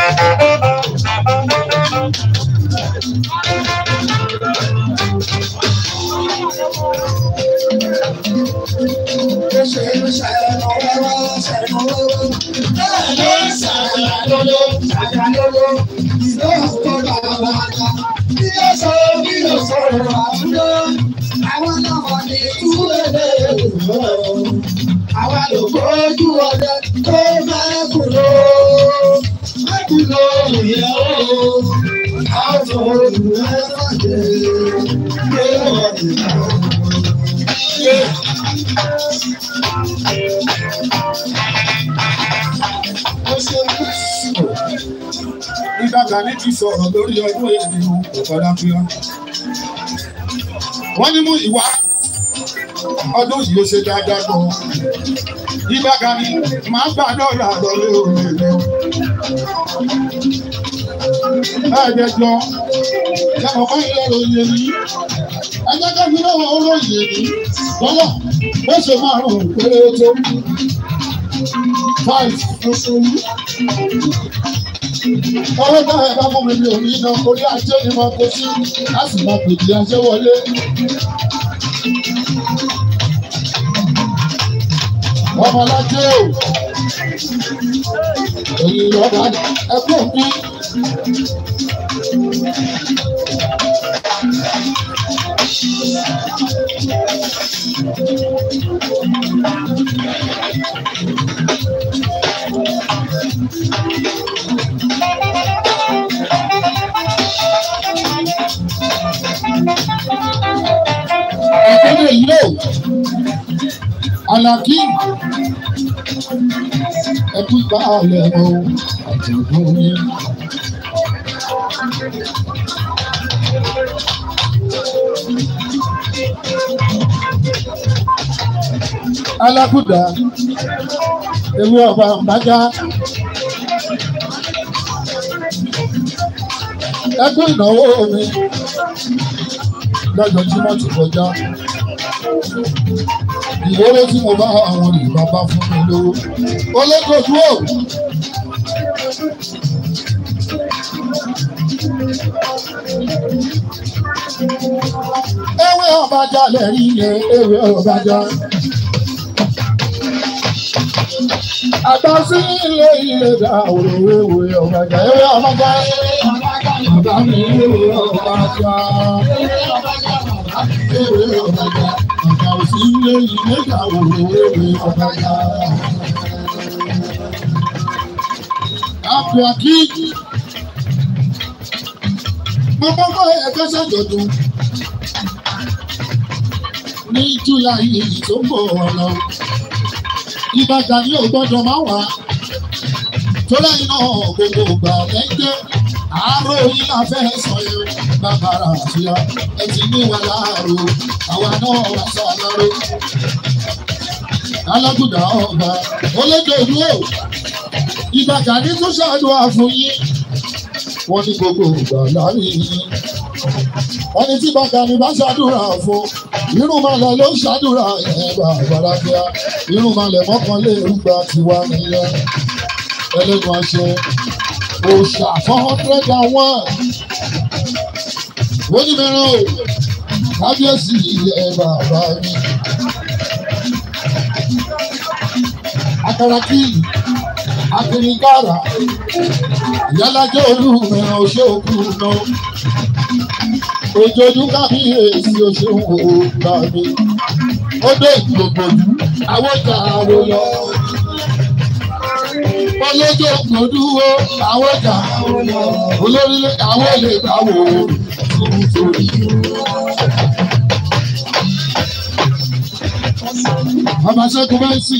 Oh. Àkànní ti sọ̀rọ̀ lórí ọdún èyí nínú Wọ́n ní mú ìwà ọdún yìí ó ṣe dáadáa gan. Ìgbà kan ni màá gbàdọ̀rà lọ́lé òní rẹ̀ ẹ̀ẹ́dẹ́jọ ẹ̀mọ̀ fún ilé òye ní ẹ̀ẹ́dẹ́jọ ní lọ́wọ́ olóyè ní lọ́wọ́ oṣù márùn-ún péré tó five oṣù Ọwọ́ táwọn ẹ̀ka fún mi mi ò ní iná orí ajé ni mo kó sí, a sì máa pèjì ajé wọlé. Ọmọ alájẹ́ o, èyí lọ́ba ẹkún mi. Thank you ẹ̀ẹ́dẹ́gbẹ̀ yóò alákí ẹ̀dúgba alẹ́ o àjọ̀dún mi. alákùdà ewé ọba mbàjá. ẹgbẹ́ ìnáwó mi lọ́jọ́ tí wọ́n ti kọjá. Ìwọ́wọ́ tí mo bá àwọn Yorùbá bá fún mi lówó. Olókòtú ò. Ewé ọ̀bàjà lè rí iye ewé ọ̀bàjà. Àgbà sí ilé ilé dà òrò ewé ọ̀bàjà ewé ọ̀bàjà bàbá mi léwé ọba jà. Léwé ọba jà, ọ̀gá òsì lé ilé ìyàwó léwé ọba jà. ẹ̀kọ́ ṣàjọ̀dún ní July yìí tó ń bọ̀ ọ̀nà. Ìbàdàn ni ò gbọ́dọ̀ máa wà. Tó lẹ́yìn náà gbogbo ìgbà lẹ́gbẹ́ àárò yìí la fẹ́ sọ yẹn bàbára àṣìyá ẹ ti ní wa láàárọ̀ àwa náà wà sọ alágùdà ọba olédèlú o ìgbà kàní tún ṣàdúrà fún yín wọ́n ní gbogbo ìgbà láàrin yín wọ́n ní tí bàtà mi bá ṣàdúrà fún irun malẹ̀ ló ṣàdúrà yẹn bá àgbàlagbà irun malẹ̀ mọ́kànlélúgba tiwa nìyẹn ẹlẹ́nu àṣẹ òòṣà four hundred and one wọ́n ní mẹ́rán o kábíyèsí ilẹ̀ bàbá mi. akaraki akirikara ìyálàjẹ olùmẹ̀rán oṣù òkú náà ojoojú kábíyèsí oṣù òkú bàbá mi ó dé ìgbòkòjú àwọn ìjà àwọn lọ olójó kò dúró àwọn ọjà olórílẹ̀ àwọn lè gbà wò ó nítorí. Bàbá Ṣẹ́gun Bẹ́ńsì.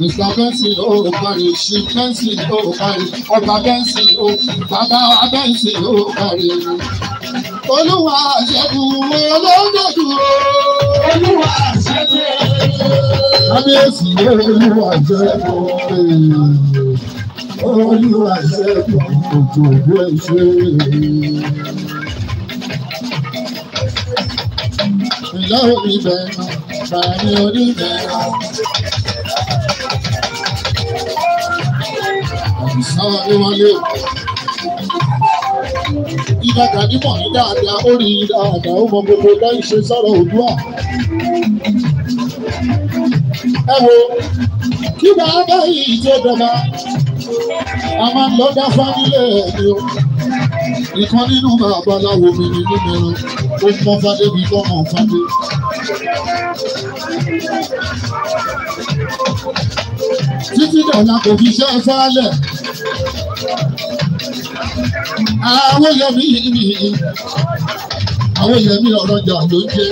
Mr. Benson, oh, Barry, she Benson, oh, Barry, Ọba Benson, oh, Baba Benson, oh, Barry. Olúwa ṣẹ́gun olóńdòdò olúwa àṣẹ́gun. kábíyèsí olúwa àṣẹ́gun olúwa àṣẹ́gun òjò ògbó ẹ̀ṣẹ́. ìyá òbí bẹ̀rẹ̀ bàbá oníbẹ̀rẹ̀. àbùsá adéwálé ìbàdàn nímọ̀ ní dáadáa ó rí dáadáa ó mọ gbogbo láì ṣe sọ̀rọ̀ òdúà ẹ wo kí yìí tó dọ̀la a máa ń lọ dá fámílẹ̀ ni o ìkan nínú babaláwo mi ni nínú ó mọ fadé bí tó mọ fadé. títí dọ̀la kò fi ṣe é fálẹ̀ àwọn yẹmi àwọn yẹmi ọ̀rọ̀ jà ló ń jẹ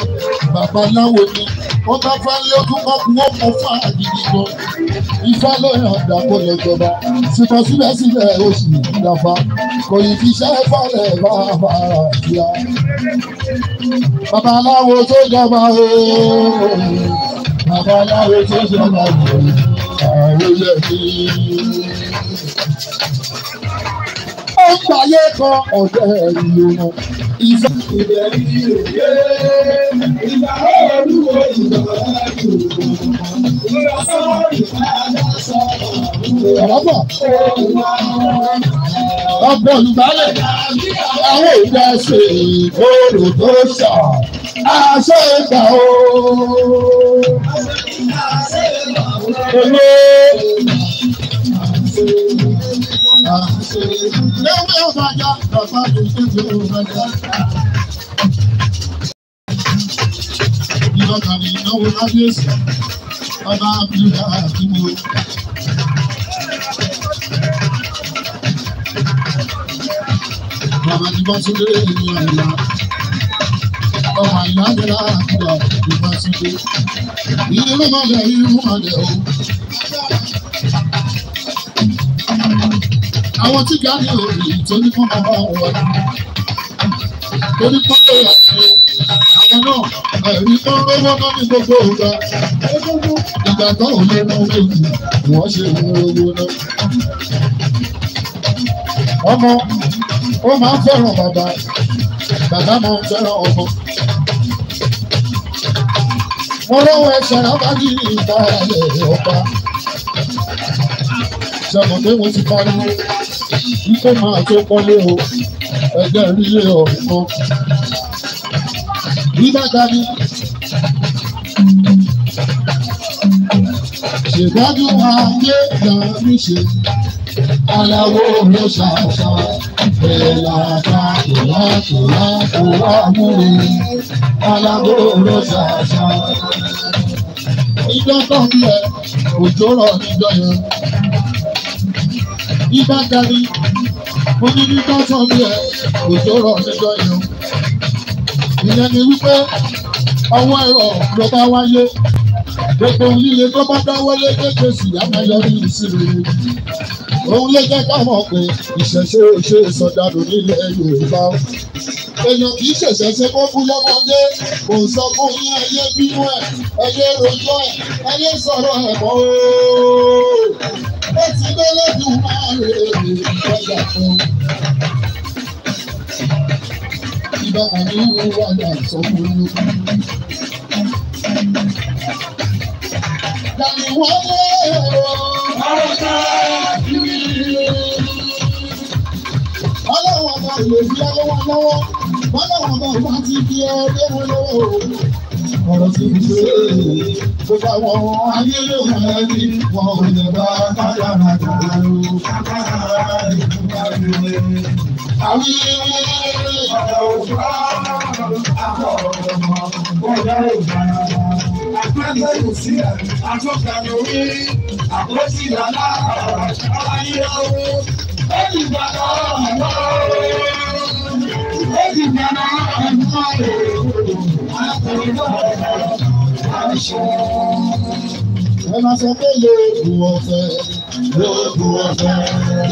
babaláwo ni wọ́n bá fáńlé ọdún mọ́kúwó mọ́ fún àgídí gan. ifá ló yàn àdàkọ lè jọba ṣùgbọ́n síbẹ̀síbẹ̀ ó sì dàfa kò yí fi ṣẹ́ falẹ̀ bá a bá a yá. babaláwo tó jọba ooo babaláwo tó jọba ooo àwòyẹ mi. ó ń gbàyé kan ọ̀dẹ́ ìlú wọn. ifá ìbẹ̀ ni òye ìgbà olúwo ìgbà ìgbà ìgbà sọ́wọ́ ìgbà àdásọ́ ọ̀rọ̀bọ̀ ọ̀pọ̀ olùbálẹ̀ àwọn ìgbà ṣe ìgbòrò tó sọ aṣọ ìgbà o. Hello àṣìṣe lẹ́wọ́ yóò máa já bàbá mi tètè yóò máa já. ìlọ́kà ni ìnáwó lábíyèsí bàbá abúlé àdúgbò. bàbá ti bọ́ sílé ènìyàn ìlà ọmọ ìlànà àdúgbò ìbá sílé ilé ló máa lẹ̀ irú máa àwọn tí gani òòlù tó ní fún ọmọ wọn torí pọ́ńpé àwọn náà ẹ̀rí pọ́ńpé wọn náà ní gbogbo ìgbà ìgbà táwọn ló mú ewu wọ́n ṣe mú owó náà. ọmọ ó máa ń fẹ́ràn bàbá bàbá máa ń fẹ́ràn ọmọ. wọ́n lọ́wọ́ ẹ̀ṣẹ̀ rábàgì ìta ẹ̀ ọ̀pá sọ̀rọ̀ pé mo ti parí wípé máa tó kọ́lé o ẹgbẹ́ rílé ọ̀hún kan. Bí bàtà ni ṣèdájú ayé ìdààmú ṣe aláwo ló ṣàṣà bẹ̀làkà ìlàkìlà kò wá múre aláwo ló ṣàṣà. Ìjọ́ kan ń òjò rọ̀ níjọ́ yẹn ìgbà gari onídìí tó sàn bí ẹ kò tó níjọ inú. ìyẹn ni wípé ọwọ́ ẹ̀rọ ló bá wáyé gbogbo líle tó bá dáwọ́lé kéde sí àmọ́ yọrí ìṣirò òun ló jẹ́ káwọn pé ìṣẹ̀ṣe ṣe sọ̀dàrú nílẹ̀ Yorùbá èèyàn kì í ṣẹ̀ṣẹ̀ ṣe kó kú lọ́mọdé kò sọ fún yín ayé bínú ẹ̀ ayé rojọ́ ẹ̀ ayé sọ̀rọ̀ ẹ̀ mọ́ ooo ó ti gbé lẹ́dùn máa rè é lọ́jà fún. Ìbá mi ń wáyà sọ́kúrú. Dàní wọlé o, ọ̀tá kiri. Ọlọ́wọ́n bá ìlòsí ọlọ́wọ́ lọ́wọ́, ọlọ́wọ́n bá ìbá ti di ẹgbẹ́ wọn lọ́wọ́ o ọ̀rọ̀ tó ti ṣe tó bá wọn ayé ló hàn án wọn ò lè bá kádàrá kàrá o kádàrá ìfúnpá rere. Àwọn ilé ọ̀rọ̀ òkú àkọ́ ọ̀rọ̀ mọ́ bọ́ọ̀dá òkú àpẹẹrẹ kò sí àtọ́ka ni orí àpótí ìlànà àyè owó ẹ̀dì ìgbàna ọ̀hún ẹ̀dì ìgbàna ọ̀hún. Ẹ máa sọ pé lóògùn ọ̀fẹ́, lóògùn ọ̀fẹ́,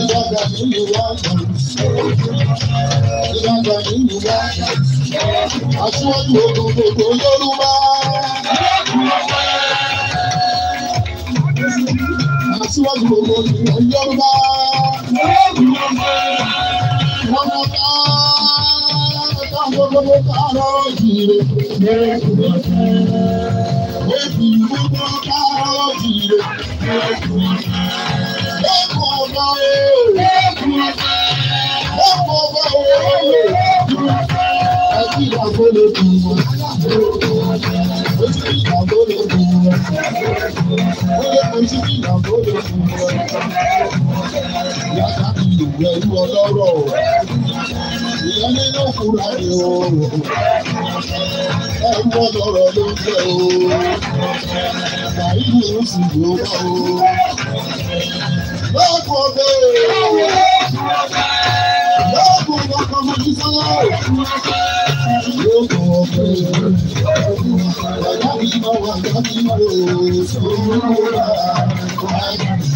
ìyàgbà mi ni wá kàn. Ìyàgbà mi ni wá kàn. Aṣíwájú ogun gbogbo Yorùbá. Aṣíwájú gbogbo Yorùbá. Wọ́n mú ká gbogbo kárọ̀ òjìrè lẹ́kùn ọ̀tẹ́. Èkì gbogbo kárọ̀ òjìrè lẹ́kùn ọ̀tẹ́. Lẹ́kùn ọ̀gá o. Lẹ́kùn ọ̀tẹ́. Lẹ́kùn ọ̀gá o. Lẹ́kùn ọ̀tẹ́. Ẹ̀kí ìyàgò lè kùn wọ́n. Lẹ́kùn ọ̀tẹ́. Ojú kí ìyàgò lè kùn wọ́n. Ojú kí ìyàgò lè kùn wọ́n. Yàtá kìlò rẹ̀ ń wọ lọ́rọ̀ o èèyàn nínú fúra ni o. ẹ ń bọ́ lọ́rọ̀ ló ń jẹ́ o. báyìí ló sì ló wá o. lọ́kọ̀ bẹ́ẹ̀. lọ́kọ̀ lọ́kọ̀ mo ti sọ́yà o. lọ́kọ̀ bẹ́ẹ̀. ọ̀gá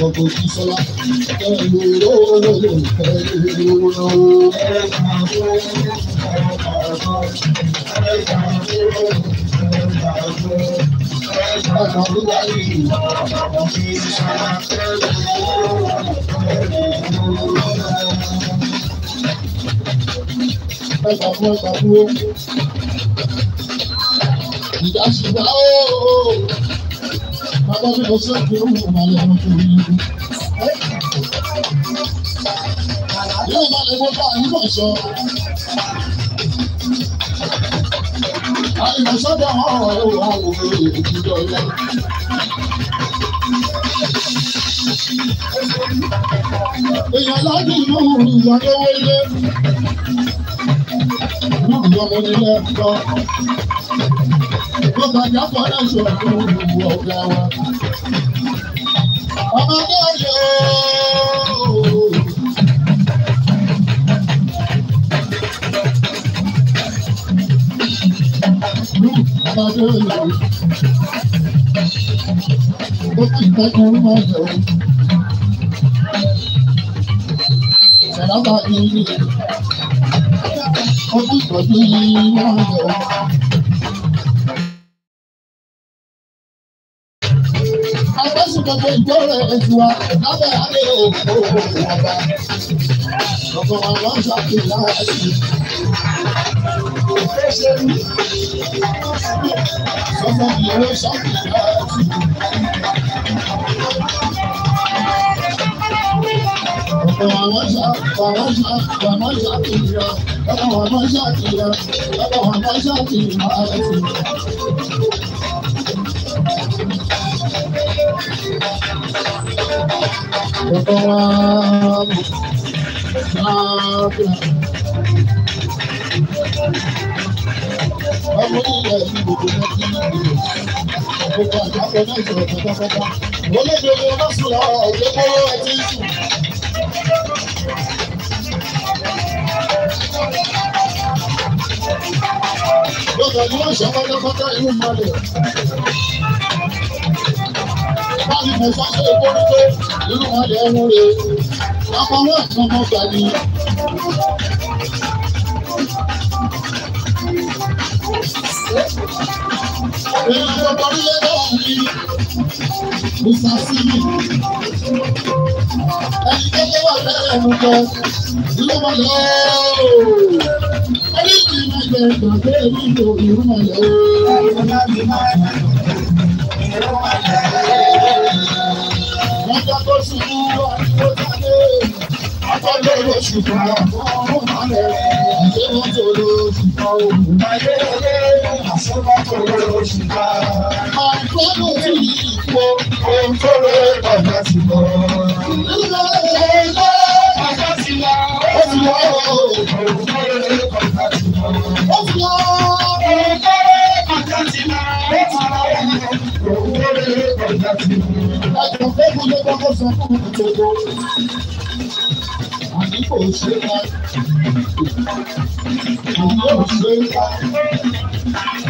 gbogbo sísọlá ẹ̀rù olówó ẹ̀rù olówó. Ìdásígbà ooo bàbá mi kò sí ẹ̀kọ́ ìwé ọmọ onílé ẹ̀kọ́. Mo gbàgbá fọ́nà ìṣòro ìwọ ọ̀gá wa. Ọmọ náà yẹ ooo. Ọmọdé yẹ ooo. Ó ti tẹ́kọ̀ọ́ mọ́ ọ̀dọ̀ ooo. Sàlábà yìí ni everybody agbẹ́sùn gbogbo ìgbó rẹ̀ ètò wa lábẹ́ àlẹ́ òkú ọba ọ̀pọ̀ wa lọ́n ṣàkóso láàárín ìfẹ́sẹ̀rù sọ́mọ́ ìyẹn ló ṣàkóso wàmọ́ṣà wàmọ́ṣà wàmọ́ṣà kìlọ̀ ọmọ wàmọ́ṣà kìlọ̀ ọmọ wàmọ́ṣà kìlọ̀ ọ̀dọ̀ ní ọ̀sẹ̀ pátápátá ìlú Ìbàdàn. Báyìí mo sáṣẹ́ ìkórìtó ìlú Ìbàdàn ẹ̀rọ rẹ̀. Àpamọ́ ìtàn mọ́ta ni. Èèyàn gbọdọ̀ nílé náà ni Musa Simi. Ẹni kékeré wà lẹ́yìn ẹ̀mú jọ, ìlú mọ̀lẹ́ ooo. Ẹni tí mo jẹ ìgbàgbé mi lò ìlú mọ̀lẹ́ ooo. Ọjọ́ tó ṣubú Àìsọ́nù ti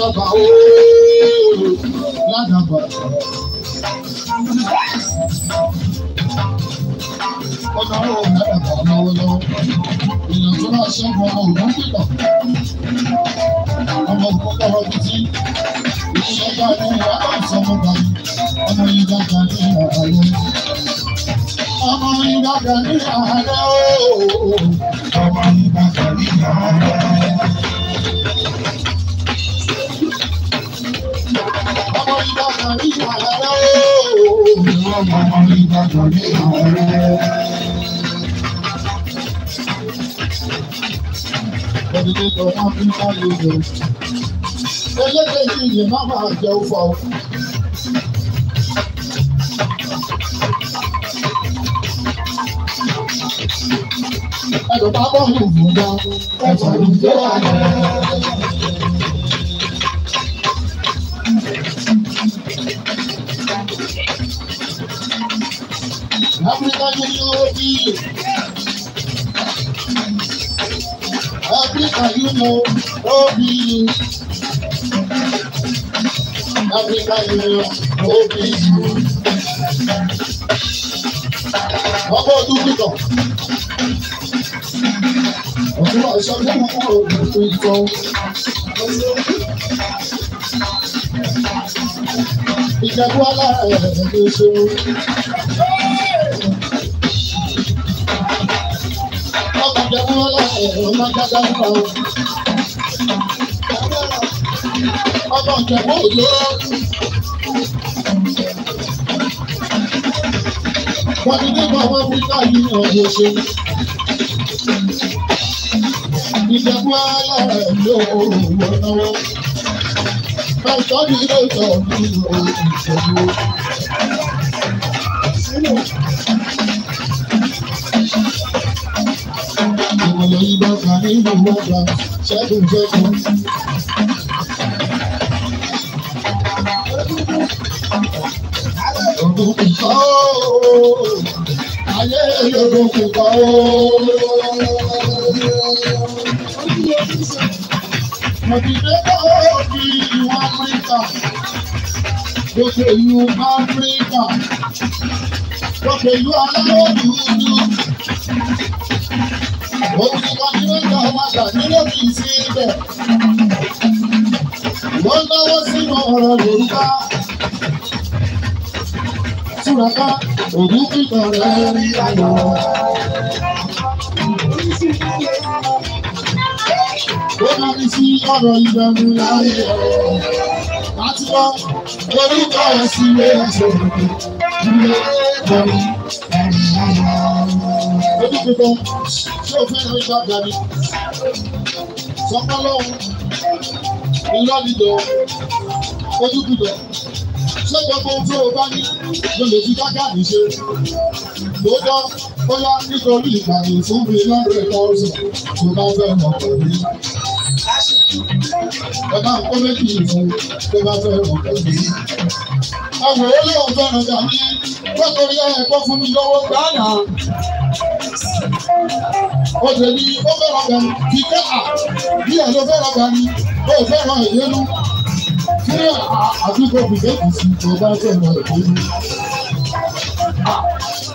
ìjọba ooo ládàbà. Ọ̀nà ọ̀rọ̀ ládàbà lọ́wọ́ lọ́wọ́. Ìyàn tó náà ṣẹ́gun ọmọ ògùn pìtàn. Ọmọ ògùn kọ́kọ́rọ́ títí. Ìṣẹ́gbà ni ìyá náà sọmọ bàbá. Ọmọ yìí dàgbà ní àhàlẹ́. Ọmọ yìí dàgbà ní àhàlẹ́ ooo. Ọmọ yìí dàgbà ní àhàlẹ́. Ẹlẹ́gbẹ̀ẹ́ yìí má bàa jẹ́ òfò. Ẹ̀dùn bá bọ̀ ń lù mí gan, ẹ̀fọ̀ ló ń gbé wà lẹ́yìn. you know, Áfíríkà ní UOB. Áfíríkà UOB. Áfíríkà UOB. Ọgbọ́n ọdún kíkọ̀. Ọdún àìsàn ní àwọn ọmọ òkú ìtọ́. ṣẹ́gun alára ẹ̀ ló ṣeun. ọkọ̀ ṣẹ́gun alára ẹ̀ ló máa dáadáa ń pa o. ọkọ̀ ṣẹ́gun òjò. wọ́n ti dé bá wọn fún táyì náà ló ṣeun. ìṣẹ́gun alára ẹ̀ ló wọ́n náwó. Báyìí sọ́ọ́ ni ilé ìtọ́ mi ò. Àwọn yìí bá kà nínú mọ́ta ṣẹ́gun ṣẹ́gun. Ọdún kò kọ́ ooo, ayé ẹ̀yọ́dún kò kọ́ ooo. Mo ti dé ọ̀ọ́ bí ìwà Áfíríkà òṣèlú áfíríkà òṣèlú aláwọ̀ dúdú òun ni wọn ní wọn jọ wọn gbà nílé kì í sí ibẹ̀ wọn náwó sínú ọ̀rọ̀ yorùbá túraká òun kíkan rẹ rí ayọ̀. Ó máa ní sí ọ̀rọ̀ ìbẹ̀rù láyé ọ̀rọ̀ láti wá torí ká ẹ sí ilé ẹsẹ̀ ilé torí ẹni yáyà. Ebi gbogbo tí o fẹ́ rí bàbá mi, sọpọ́lọ́hún, ìlọ́dìdọ̀, ojúbùdọ̀, ṣé gbogbo tí o bá ní ló lè fi dáká mi ṣe? Lóòótọ́ bóyá nítorí ìpàdé fún mi lọ́rẹ̀ tọ́sán tó bá fẹ́ mọ̀ pẹ̀lú ẹ bá ń kó méjì fún tó bá fẹ́ wọ́n kó bí. àwọn olóòwò fẹ́ràn gbà mí lọ́tọ̀rí ẹ̀kọ́ fún mi lọ́wọ́ gbàánà. Òde ni ó fẹ́ràn gbà mí kí ká à bí ẹ̀ ló fẹ́ràn gbà mí ó fẹ́ràn ìyẹnu. Kí àdúgbò bìbẹ́ kù sí tó bá fẹ́ràn ìyẹnu.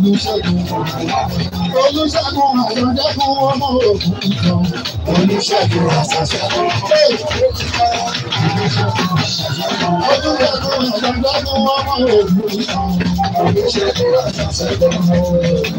Olúṣẹ́gun Olúṣẹ́gun àjọ̀dẹ́kun ọmọ ògùn ìtàn Olúṣẹ́gun àṣàṣẹ́gun Olúṣẹ́gun àjọ̀dẹ́kun ọmọ ògùn ìtàn Olúṣẹ́gun àṣàṣẹ́gun.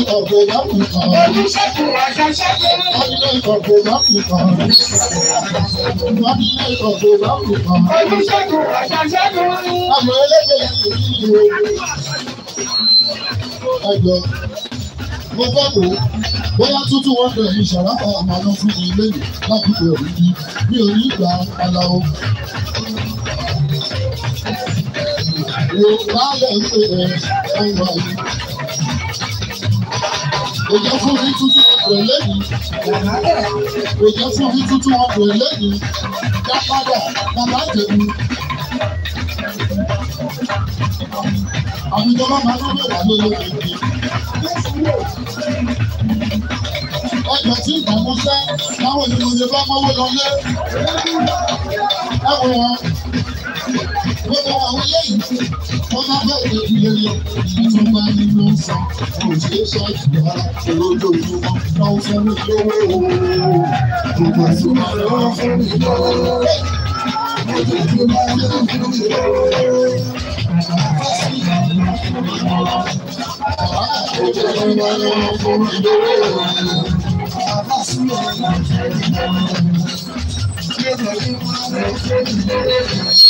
ìkọ̀gbẹ́ lápù kan. Olùṣègùn àjọṣẹ́gun. Wábílẹ̀ ìkọ̀gbẹ́ lápù kan. Wábílẹ̀ ìkọ̀gbẹ́ lápù kan. Olùṣègùn àjọṣẹ́gun. Àwọn ẹlẹ́gbẹ̀ẹ́ ìlú ìlú. Ẹjọ́ mo bá wò ó bóyá tútù wọn fẹ́ fi ṣàràpà àmàlà fún mi lẹ́yìn lábùkù ẹ̀rù bí mi ò ní gbà ala o. Yorùbá lẹ̀ ń pè ẹ́ ọ̀rọ̀ àyè kò jẹ́ fún mi tuntun ọkọ̀ lẹ́yìn kò jẹ́ fún mi tuntun ọkọ̀ lẹ́yìn dá padà bàbá àjẹmí. àwùjọ máa máa ń bẹ̀rẹ̀ àwọn olóògbé yìí. ẹgbẹ́ tí ìgbàgbọ́ sẹ́ táwọn ènìyàn lè bá mọ́wọ́ lọlé ẹ̀wọ̀n wọn gbogbo àwọn eléyìí. ọ̀gáfẹ́ ìrìnlẹ̀ lọ tún bá ní ló ń san òṣìṣẹ́ ìgbàlá olójoojúmọ́ náà fún mi lówó gbogbo ìṣúná lọ́wọ́ fún mi lọ́wọ́ ojoojúmọ́ ló ń fún mi lọ́wọ́ ojoojúmọ́ ló ń fún mi lọ́wọ́.